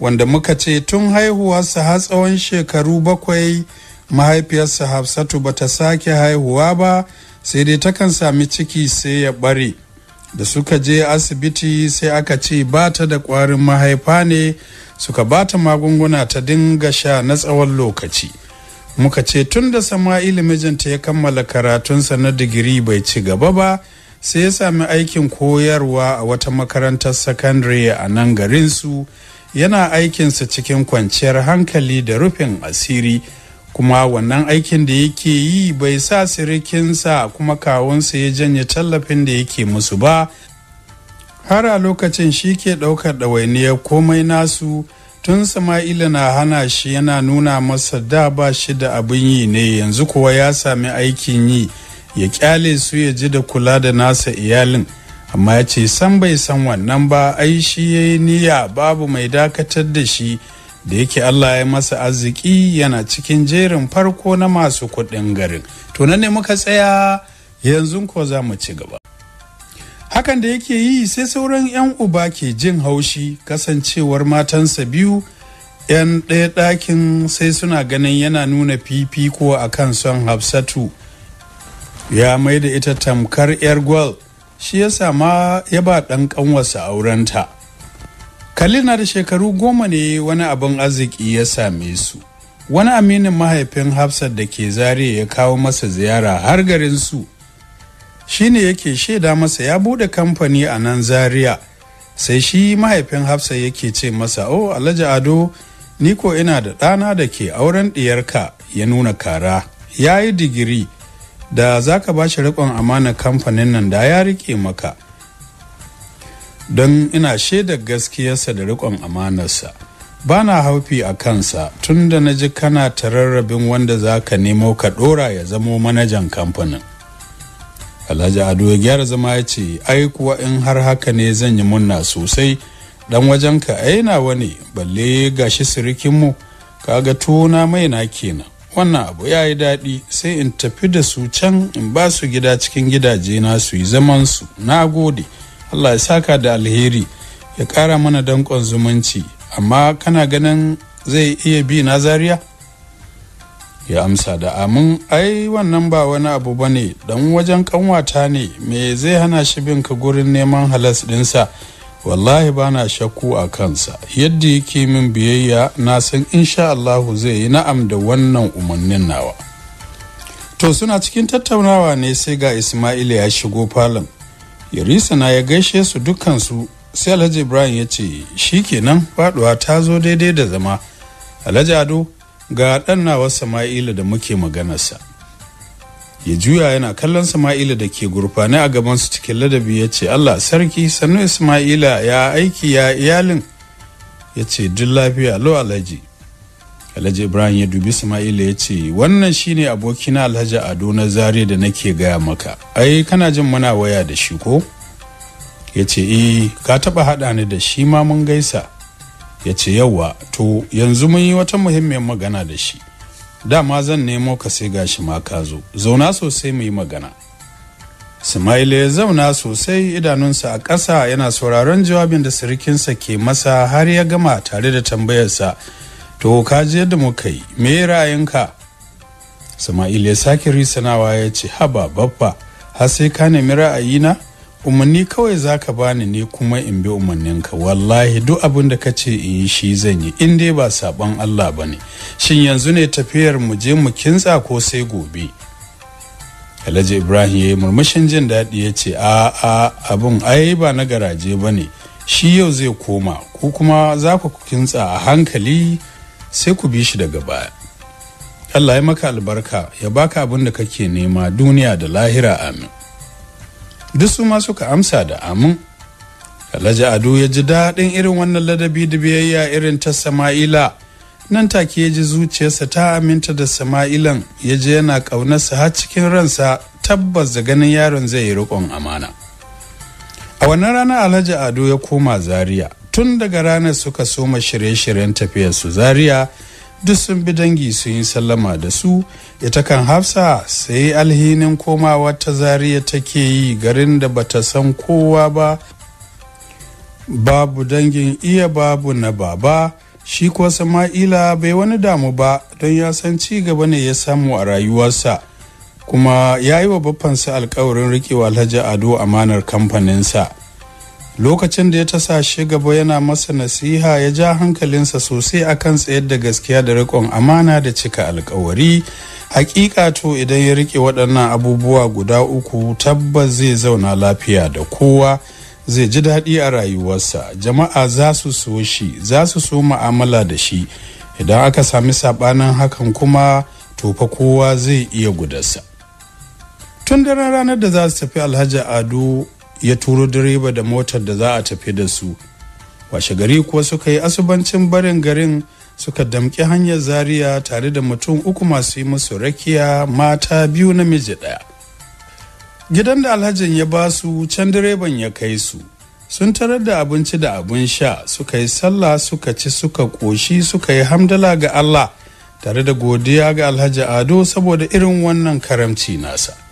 wanda muka ce tun haihuwarsa har tsawon shekaru bakwai mahaifiyarsa hafsatu bata sake haihuwa ba sai dai takan sami ciki sai ya bare da suka je asibiti sai aka ce ba ta da kwarin mahaifa ne suka ba ta magunguna ta dinga sha na tsawon lokaci muka ce tun da sama'ilu mijinta ya kammala karatunsa na digiri bai ci gaba ba sai ya sami aikin koyarwa a wata makarantar sakandare a nan garinsu yana aikinsa cikin kwanciyar hankali da rufin asiri kuma wannan aikin da yake yi bai sa sirikinsa kuma kawunsa ya janye tallafin da yake musu ba har a lokacin shi ke ɗaukar ɗawainiyar komai nasu tun sama'ila na hana shi yana nuna masa da ba shi da abin yi ne yanzu kuwa ya sami aikin yi ya kyale su ya ji da kula da nasa iyalin amma ya ce san bai san wannan ba ai shi ya yi niyya babu mai dakatar da shi da yake Allah ya masa arziki yana cikin jerin farko na masu kuɗin garin to nan ne muka tsaya yanzu ko za mu ci gaba hakan da yake yi sai sauran 'yan uba ke jin haushi kasancewar matansa biyu 'yan ɗaya ɗakin sai suna ganin yana nuna fifiko a kan son hafsatu ya mai da ita tamkar 'yar gwal shi ya sama ya ba ɗan ƙanwarsa aurenta kalli na da shekaru goma ne wani abin arziki ya same su wani aminin mahaifin hafsat da ke zare ya kawo masa ziyara har garin su Shi ne yake shaida masa ya bude kamfani a nan zaria sai shi mahaifin hafsa yake ce masa o oh, alhaji ado ni ko ina da ɗana da ke auren ɗiyarka ya nuna kara ya yi digiri da za ka ba shi rikon amana kamfanin nan da ya rike maka don ina shaida gaskiyarsa da rikon amanarsa ba na haufi a kansa tun da na ji kana tararrabin wanda za ka nemo ka ɗora ya zamo manajan kamfanin alhaji ado ya gyara zama ya ce ai kuwa in har haka ne zan yi munna sosai dan wajenka ai nawa ne balle gashi sirikinmu kaga tuna mai na kenan wannan abu ya yi daɗi sai in tafi da su can in ba su gida cikin gidaje na su yi zaman su na gode allah ya saka da alheri ya ƙara mana danƙon zumunci amma kana ganin zai iya bi na zaria ya amsa da amin ai wannan ba wani abu ba ne dan wajen kanwata ne me zai hana shi bin ka gurin neman halas ɗinsa wallahi ba na shakku a kansa yadda yake min biyayya na san insha Allahu zai yi na'am da wannan umarnin nawa to suna cikin tattaunawa ne sai ga isma'ila ya shigo falon Yarisa na ya gaishe su dukansu sai Alhaji Ibrahim ya ce shikenan faduwa ta zo daidai da zama Alhaji Ado ga ɗan nawa Sama'ila da muke maganarsa ya juya yana kallon Sama'ila da ke gurfane a gaban su cikin ladabi ya ce Allah sarki sannu Isma'ila ya aiki ya iyalin ya ce duk lafiya lo alhaji alhaji ibrahim ya dubi sama'ila ya ce wannan shine abokina alhaji ado na zare da nake gaya maka ai kana jin muna waya da shi ko ya ce eh ka taba haɗa ni da shi ma mun gaisa ya ce yauwa to yanzu mun yi wata muhimmiyar magana da shi dama zan nemo ka sai gashi ma ka zo zauna sosai mu yi magana Sumaila ya zauna sosai idanunsa a ƙasa yana sauraron jawabin da sirikinsa ke masa har ya gama tare da tambayarsa to ka je yadda muka yi me ra'ayinka Sumaila ya sake risanawa ya ce haba babba har sai ka nemi ra'ayina umarni kawai za ka bani ne kuma in bi umarninka wallahi duk abin da ka ce in yi shi zan yi in dai ba saɓon Allah ba ne shin yanzu ne tafiyar mu je mu kintsa ko sai gobe alhaji ibrahim ya yi murmushin jin daɗi ya ce a a abin ai ba na garaje ba ne shi yau zai koma ko kuma za ku kintsa a hankali sai ku bi shi daga baya Allah ya maka albarka ya baka abin da kake nema duniya da lahira amin duk su ma suka amsa da amin alhaji ado ya ji daɗin irin wannan ladabi da biyayya irin ta sama'ila nan take ya ji zuciyarsa ta aminta da sama'ilan ya je yana ƙaunarsa har cikin ransa tabbas da ganin yaron zai yi riƙon amana a wannan rana alhaji ado ya koma zaria tun daga ranar suka soma shirye-shiryen tafiyarsu zariya. duk sun bi dangi sun yi sallama da su ita kan hafsa sai alhinin komawa ta zariya take yi garin da bata san kowa ba babu dangin iya babu na baba shi kuwa sama'ila bai wani damu ba don ya san ci gaba ne ya samu a rayuwarsa kuma ya yi wa baffansa alkawarin rikewa alhaji ado amanar kamfaninsa lokacin da ya tasa shi gaba yana masa nasiha ya ja hankalinsa sosai a kan tsayar da gaskiya da rikon amana da cika alkawari hakika to idan ya rike waɗannan abubuwa guda uku tabbas zai zauna lafiya da kowa zai ji daɗi a rayuwarsa jama'a za su so shi za su so ma'amala da shi idan aka sami saɓanin hakan kuma to fa kowa zai iya gudarsa tun daren ranar da za su tafi alhaji ado ya turo direba da motar da za a tafi da su washe gari kuwa suka yi asubancin barin garin suka damƙi hanyar zaria tare da mutum uku masu yi musu rakiya mata biyu na miji ɗaya gidan da alhajin ya ba su can direban ya kai su sun tarar da abinci da abin sha suka yi sallah suka ci suka ƙoshi suka yi hamdala ga allah tare da godiya ga alhaji ado saboda irin wannan karamci nasa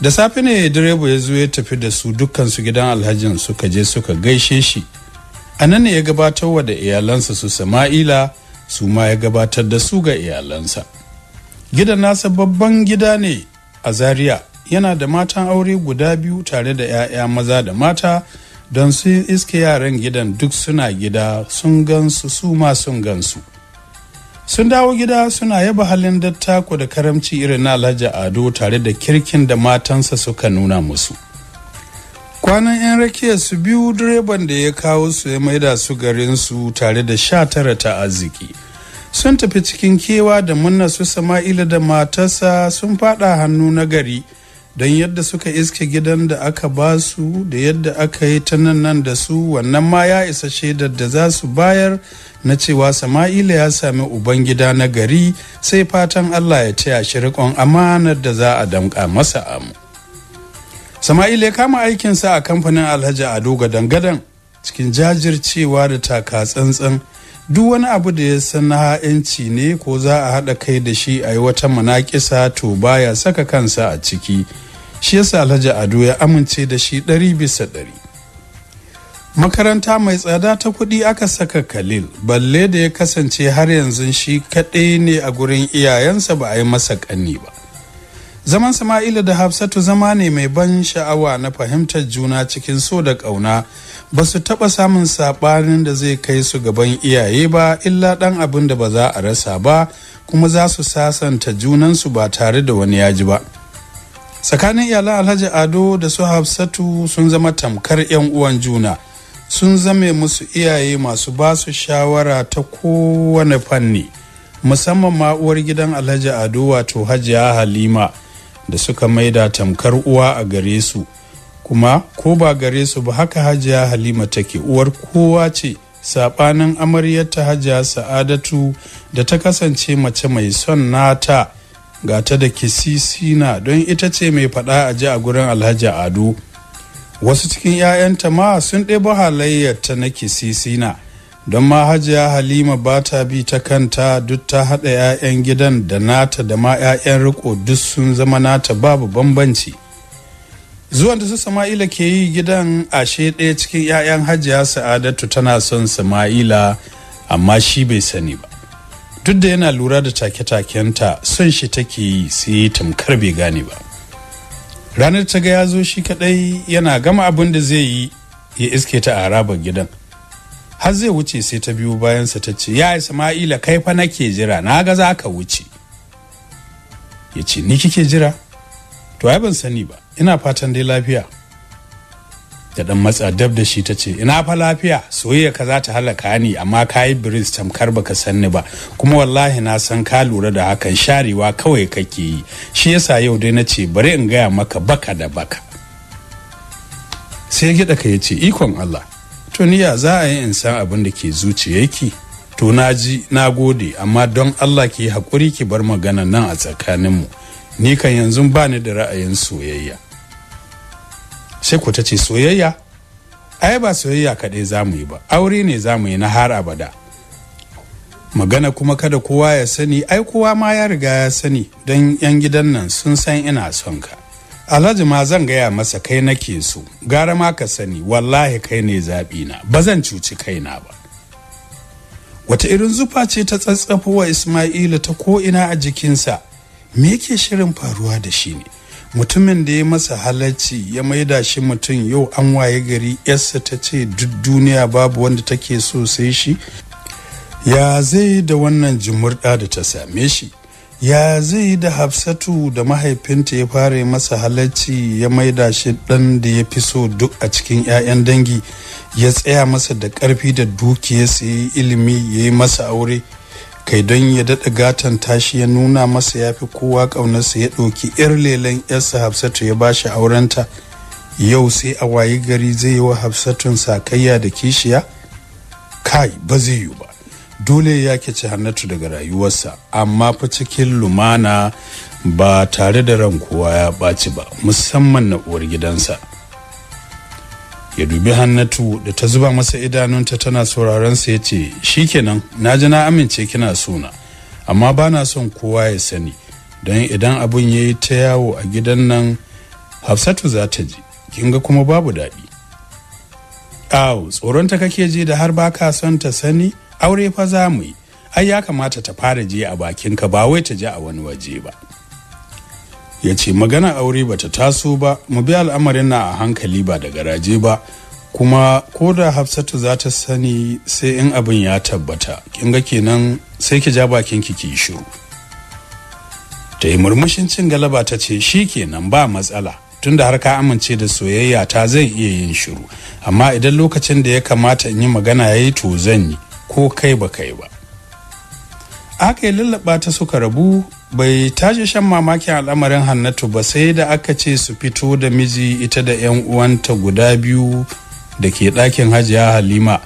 da safe ne direba ya zo ya tafi da su dukkansu gidan alhajin suka je suka gaishe shi a nan ne ya gabatar wa da iyalansa su sama'ila su ma ya gabatar da su ga iyalansa gidan nasa babban gida ne a zaria yana da matan aure guda biyu tare da 'ya'ya maza da mata don sun iske yaran gidan duk suna gida sun gansu su ma sun gansu sun dawo gida suna yaba halin dattako da karamci irin na alhaji ado tare da kirkin da matansa suka nuna musu kwanan 'yan rakiya su biyu direban da ya kawo su ya maida su garin su tare da sha tara ta arziki sun tafi cikin kewa da munna su sama'ila da matarsa sun fada hannu na gari don yadda suka iske gidan da aka ba su da yadda aka yi ta nan da su wannan ma ya isa shaidar da za su bayar na cewa sama'ila ya sami ubangida na gari sai fatan allah ya taya shi riƙon amanar da za a damƙa masa amu sama'ila ya kama aikinsa a kamfanin alhaji ado gadan-gadan cikin jajircewa da taka tsantsan duk wani abu da ya san na ha'inci ne ko za a haɗa kai da shi a yi wata manakisa to baya saka kansa a ciki shi yasa alhaji ado ya amince da shi ɗari bisa ɗari makaranta mai tsada ta kuɗi aka saka khalil balle da ya kasance har yanzu shi kaɗai ne a gurin iyayensa ba a yi masa ƙanni ba zaman sama'ila da hafsatu zama ne mai ban sha'awa na fahimtar juna cikin so da ƙauna ba su taɓa samun saɓanin da zai kai su gaban iyaye ba illa ɗan abin da ba za a rasa ba kuma za su sasanta junansu ba tare da wani yaji ba tsakanin iyalan alhaji ado da su hafsatu sun zama tamkar 'yan uwan juna sun zame musu iyaye masu ba su shawara ta kowane fanni musamman ma uwar gidan alhaji ado wato hajiya halima da suka maida tamkar uwa a gare su kuma ko ba gare su ba haka hajiya halima take uwar kowa ce saɓanin amaryarta hajiya sa'adatu da ta kasance mace mai son nata ga ta da kisisina don ita ce mai faɗa a ji a gurin alhaji ado wasu cikin 'ya'yanta ma sun ɗebo halayyarta na kisisina don ma hajiya halima ba ta bi ta kanta duk ta haɗa 'ya'yan gidan da nata da ma 'ya'yan riko duk sun zama nata babu bambanci zuwan da su sama'ila ke yi gidan ashe ɗaya cikin 'ya'yan hajiya sa'adatu tana son sama'ila amma shi bai sani ba duk da yana lura da take-takenta son shi take yi sai tamkar bai gane ba ranar ta ga ya zo shi kadai yana gama abin da zai yi ya iske ta a rabar gidan har zai wuce sai ta biyu bayansa ta ce ya isma'ila kai fa nake jira na ga za ka wuce ya ce ni kike jira to ai ban sani ba ina fatan dai lafiya da dan matsa dab da shi ta ce ina fa lafiya soyayya ka za ta halaka ni amma ka yi tamkar baka san ni ba kuma wallahi na san ka lura da hakan sharewa kawai kake yi shi yasa yau dai na ce bari in gaya maka baka da baka sai gida ka yace ikon Allah to niya za a yi in san abin da ke zuciya yake to na ji na gode amma don Allah ki hakuri ki bar magana nan a tsakaninmu ni kan yanzu ba ni da ra'ayin soyayya sai ku ta ce soyayya ai ba soyayya kaɗai za mu yi ba aure ne za mu yi na har abada magana kuma kada kowa ya sani ai kowa ma ya riga ya sani don yan gidan nan sun san ina son ka alhaji ma zan gaya masa kai nake so gara ma ka sani wallahi kai ne zaɓi na ba zan cuci na ba wata irin zufa ce ta tsatsafowa ismaila ta ko ina a jikinsa me yake shirin faruwa da shi ne mutumin da ya masa halarci ya maida shi mutum yau an waye gari yarsa ta ce duk duniya babu wanda take so sai shi ya zai da wannan jimurɗa da ta same shi ya zai da hafsatu da mahaifinta ya fara masa halarci ya maida shi ɗan da ya fi so duk a cikin 'ya'yan dangi ya tsaya masa da ƙarfi da dukiya sai ilimi ya yi masa aure kai don ya daɗa gatan tashi ya nuna masa ya fi kowa ƙaunarsa ya ɗauki 'yar lelen 'yarsa hafsatu ya bashi aurenta yau sai a wayi gari zai yi wa hafsatun sakayya da kishiya kai ba zai yi ba dole ya kici hannatu daga rayuwarsa amma fa cikin lumana ba tare da ran kowa ya ɓaci ba musamman na uwar gidansa ya dubi hannatu da ta zuba masa idanunta tana sauraron sa ya yace shikenan naji na amince kina suna amma ba na son kowa ya sani don idan abun ya yi ta yawo a gidan nan Hafsatu za ta ji kin ga kuma babu daɗi aw tsoron ta kake je da har baka son ta sani aure fa za mu yi ai ya kamata ta fara je a bakinka ba wai ta je a wani waje ba ya ce magana aure bata taso ba mu bi al'amarin na a hankali ba da garaje ba kuma ko da hafsatu za ta sani sai in abin ya tabbata kin ga kenan sai ki ja bakin ki ki shiru ta yi murmushin cin galaba ta ce shi kenan ba matsala tunda har ka amince da soyayya ta zai iya yin shiru amma idan lokacin da ya kamata in yi magana ya yi to zan yi ko kai ba kai ba aka yi lallaba ta suka rabu bai tashi shan mamakin al'amarin hannatu ba sai da aka ce su fito da miji ita da 'yan uwanta guda biyu da ke ɗakin hajiya halima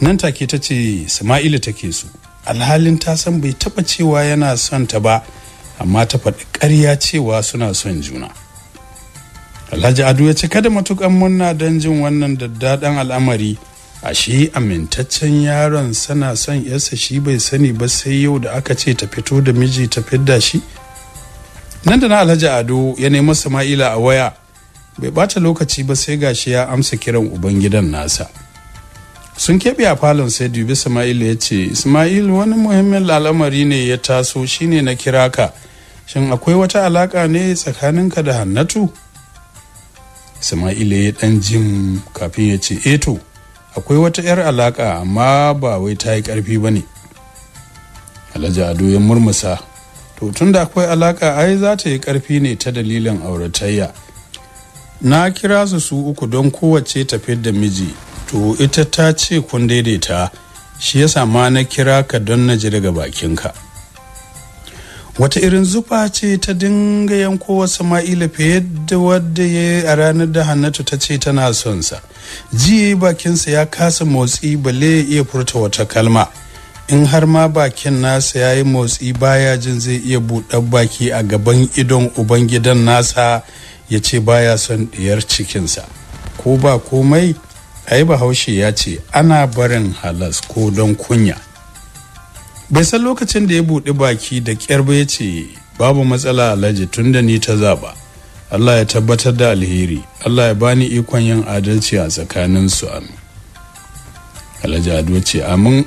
nan take ta ce sama'ilu take su alhalin ta san bai taɓa cewa yana son ta ba amma ta faɗi ƙarya cewa suna son juna alhaji ado ya ce kada matukan munna don jin wannan daddaɗan al'amari a shi amintaccen yaron sana son yarsa shi bai sani ba sai yau da aka ce ta fito da miji ta fidda shi nan da na alhaji ado ya nemi sama'ila a waya bai bata lokaci ba sai gashi ya amsa kiran ubangidan nasa sun keɓe a falon sai dubi Sama'il ya ce Isma'il wani muhimmin al'amari ne ya taso shine na kira ka shin akwai wata alaka ne tsakaninka da hannatu Sama'il ya ɗan jim kafin ya ce eto eh akwai wata 'yar alaka amma ba wai ta yi karfi ba ne alhaji ado ya murmusa to tun da akwai alaka ai za ta yi karfi ne ta dalilin auratayya na kira su su uku don kowace tafi da miji to ita ta ce kun daidaita shi yasa ma na kira ka don na ji daga bakinka wata irin zufa ce ta dinga yanko wa sama'ila fiye da wadda ya a ranar da hannatu ta ce tana son sa ji bakinsa ya kasa motsi bale iya furta wata kalma in har ma bakin nasa ya yi motsi baya jin zai iya buɗe baki a gaban idon ubangidan nasa ya ce baya son ɗiyar cikinsa ko ba komai ai bahaushe ya ce ana barin halas ko don kunya bai san lokacin da ya buɗe baki da ƙyar ba ya ce babu matsala alhaji tun da ni ta zaba Allah ya tabbatar da alheri Allah ya bani ikon yin adalci a tsakanin su amin alhaji ado ce amin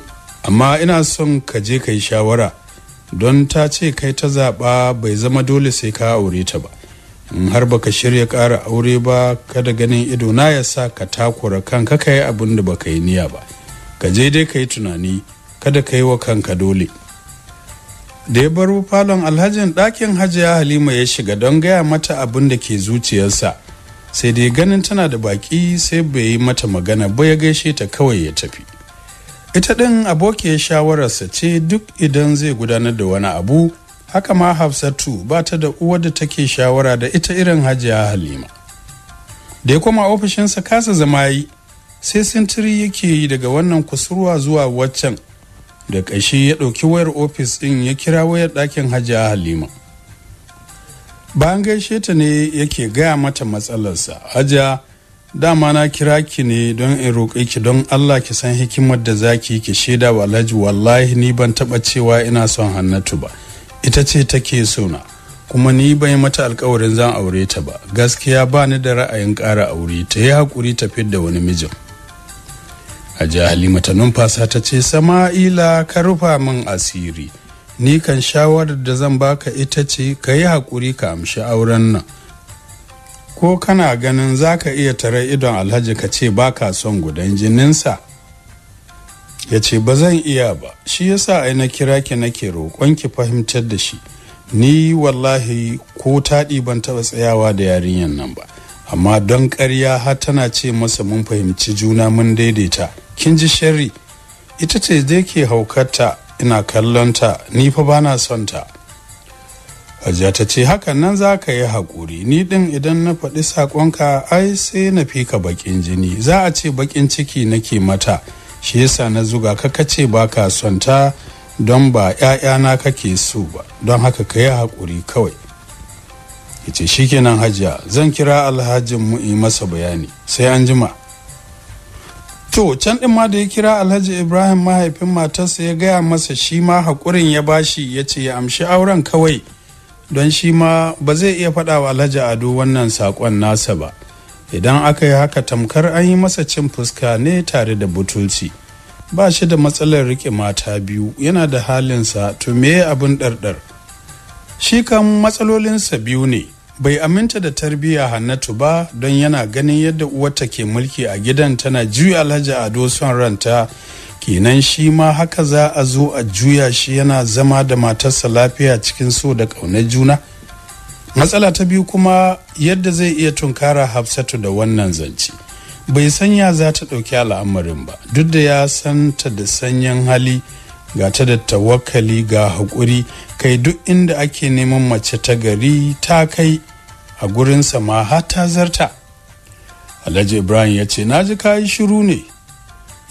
amma ina son ka je ka yi shawara don ta ce kai ta zaɓa bai zama dole sai ka aure ta ba in har baka shirya ƙara aure ba kada ganin ido na ya sa ka takura kanka ka yi abin da baka yi niyya ba ka je dai ka yi tunani kada ka yi wa kanka dole da ya baro falon alhajin ɗakin hajiya halima ya shiga don gaya mata abin da ke zuciyarsa sai dai ganin tana da baƙi sai bai yi mata magana ba ya gaishe ta kawai ya tafi ita ɗin abokiyar shawararsa ce duk idan zai gudanar da wani abu haka ma hafsatu ba ta da uwar da take shawara da ita irin hajiya halima da ya koma ofishinsa kasa zama yi sai sintiri yake yi daga wannan kusurwa zuwa waccan da ƙashi ya ɗauki wayar ofis ɗin ya kira wayar ɗakin hajiya halima bayan gaishe ta ne yake gaya mata matsalarsa hajiya dama na kira ki ne don in roƙe ki don allah ki san hikimar da za ki ki shaida wa alhaji wallahi ni ban taɓa cewa ina son hannatu ba ita ce take sona kuma ni ban yi mata alkawarin zan aure ta ba gaskiya ba ni da ra'ayin ƙara aure ta yi haƙuri ta fidda wani mijin a halima ta numfasa ta ce sama'ila ka rufa min asiri ni kan shawarar da zan baka ita ce ka yi haƙuri ka amshi auren nan ko kana ganin za ka iya tare idon alhaji ka ce ba ka son gudan jininsa ya ce ba zan iya ba shi yasa ai na kira ki nake roƙon ki fahimtar da shi ni wallahi ko taɗi ban taɓa tsayawa da yarinyar nan ba amma don ƙarya har tana ce masa mun fahimci juna mun daidaita kin ji sharri ita ce zai ke haukata ina kallonta ni fa bana son ta Hajiya ta ce hakan nan za ka yi haƙuri ni din idan na faɗi saƙonka ai sai na fi ka baƙin jini za a ce baƙin ciki nake mata shi yasa na zuga ka kace ba ka son ta don ba ‘ya'yana kake so ba don haka ka yi haƙuri kawai ya ce shikenan hajiya zan kira alhajin mu masa bayani sai an jima to can ɗin ma da ya kira alhaji ibrahim mahaifin matarsa ya gaya masa shi ma haƙurin ya bashi ya ce ya amshi auren kawai don shi ma ba zai iya faɗa wa alhaji ado wannan saƙon nasa ba idan aka yi haka tamkar an yi masa cin fuska ne tare da butulci ba shi da matsalar riƙe mata biyu yana da halinsa to me abin ɗarɗar shi kan matsalolinsa biyu ne bai aminta da tarbiyya hannatu ba don yana ganin yadda uwarta ke mulki a gidan tana juya alhaji ado son ranta kenan shi ma haka za a zo a juya shi yana zama da matarsa lafiya cikin so da ƙaunar juna matsala ta biyu kuma yadda zai iya tunkara hafsatu da wannan zance bai sanya za ta ɗauki al'amarin ba duk da ya santa da sanyin hali ga ta da tawakkali ga haƙuri kai duk inda ake neman mace ta gari ta kai a gurinsa ma har ta zarta alhaji ibrahim ya ce na ji kayi shiru ne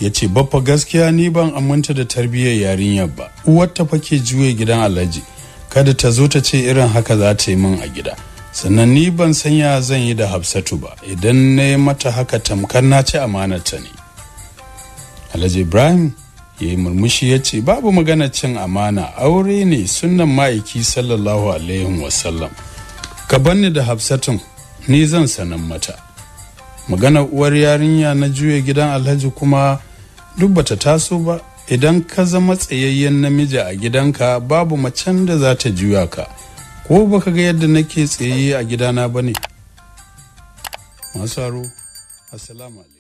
ya ce baffa gaskiya ni ban aminta da tarbiyyar yarinyar ba uwar ta fake juye gidan alhaji kada ta zo ta ce irin haka za ta yi min a gida sannan ni ban san ya zan yi da hafsatu ba idan na yi mata haka tamkar na ci ta ne alhaji ibrahim ya yi murmushi ya ce babu magana cin amana aure ne sunan ma'aiki sallallahu alaihi wasallam ka banni da hafsatun ni zan sanan mata magana uwar yarinya na juya gidan alhaji kuma duk bata taso ba idan ka zama tsayayyen namiji a gidanka babu macen da za ta juya ka ko baka ga yadda nake tsaye a gidana ba ne masu aro assalamu